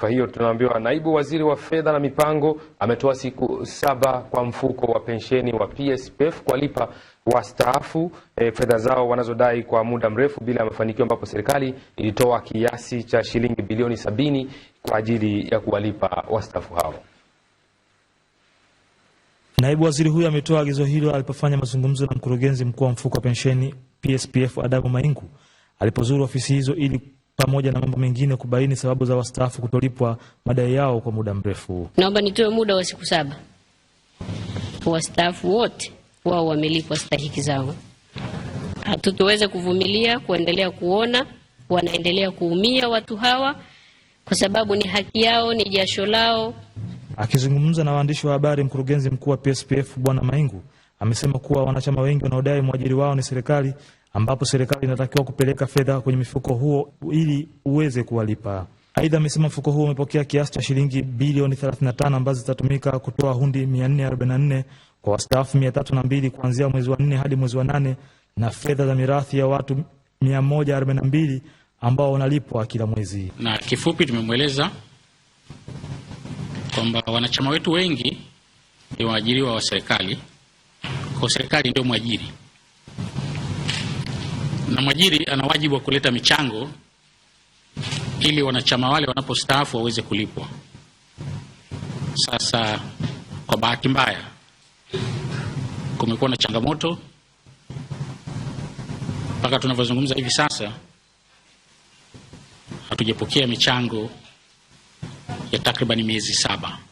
Kwa hiyo tunaambiwa naibu waziri wa fedha na mipango ametoa siku saba kwa mfuko wa pensheni wa PSPF kuwalipa wastaafu e, fedha zao wanazodai kwa muda mrefu bila ya mafanikio, ambapo serikali ilitoa kiasi cha shilingi bilioni sabini kwa ajili ya kuwalipa wastaafu hao. Naibu waziri huyo ametoa agizo hilo alipofanya mazungumzo na mkurugenzi mkuu wa mfuko wa pensheni PSPF Adamu Maingu alipozuru ofisi hizo ili pamoja na mambo mengine kubaini sababu za wastaafu kutolipwa madai yao kwa muda mrefu. Naomba nitoe muda wa siku saba wastaafu wote wao wamelipwa stahiki zao. Hatutoweza kuvumilia kuendelea kuona wanaendelea kuumia watu hawa, kwa sababu ni haki yao, ni jasho lao. Akizungumza na waandishi wa habari, mkurugenzi mkuu wa PSPF Bwana Maingu amesema kuwa wanachama wengi wanaodai mwajiri wao ni serikali ambapo serikali inatakiwa kupeleka fedha kwenye mfuko huo ili uweze kuwalipa. Aidha, amesema mfuko huo umepokea kiasi cha shilingi bilioni 35 ambazo zitatumika kutoa hundi 444 kwa wastaafu 302 kuanzia mwezi wa 4 hadi mwezi wa 8 na fedha za mirathi ya watu 142 ambao wanalipwa kila mwezi. Na kifupi, tumemweleza kwamba wanachama wetu wengi ni waajiriwa wa serikali, kwa serikali ndio mwajiri na mwajiri ana wajibu wa kuleta michango ili wanachama wale wanapostaafu waweze kulipwa. Sasa kwa bahati mbaya kumekuwa na changamoto mpaka tunavyozungumza hivi sasa, hatujapokea michango ya takribani miezi saba.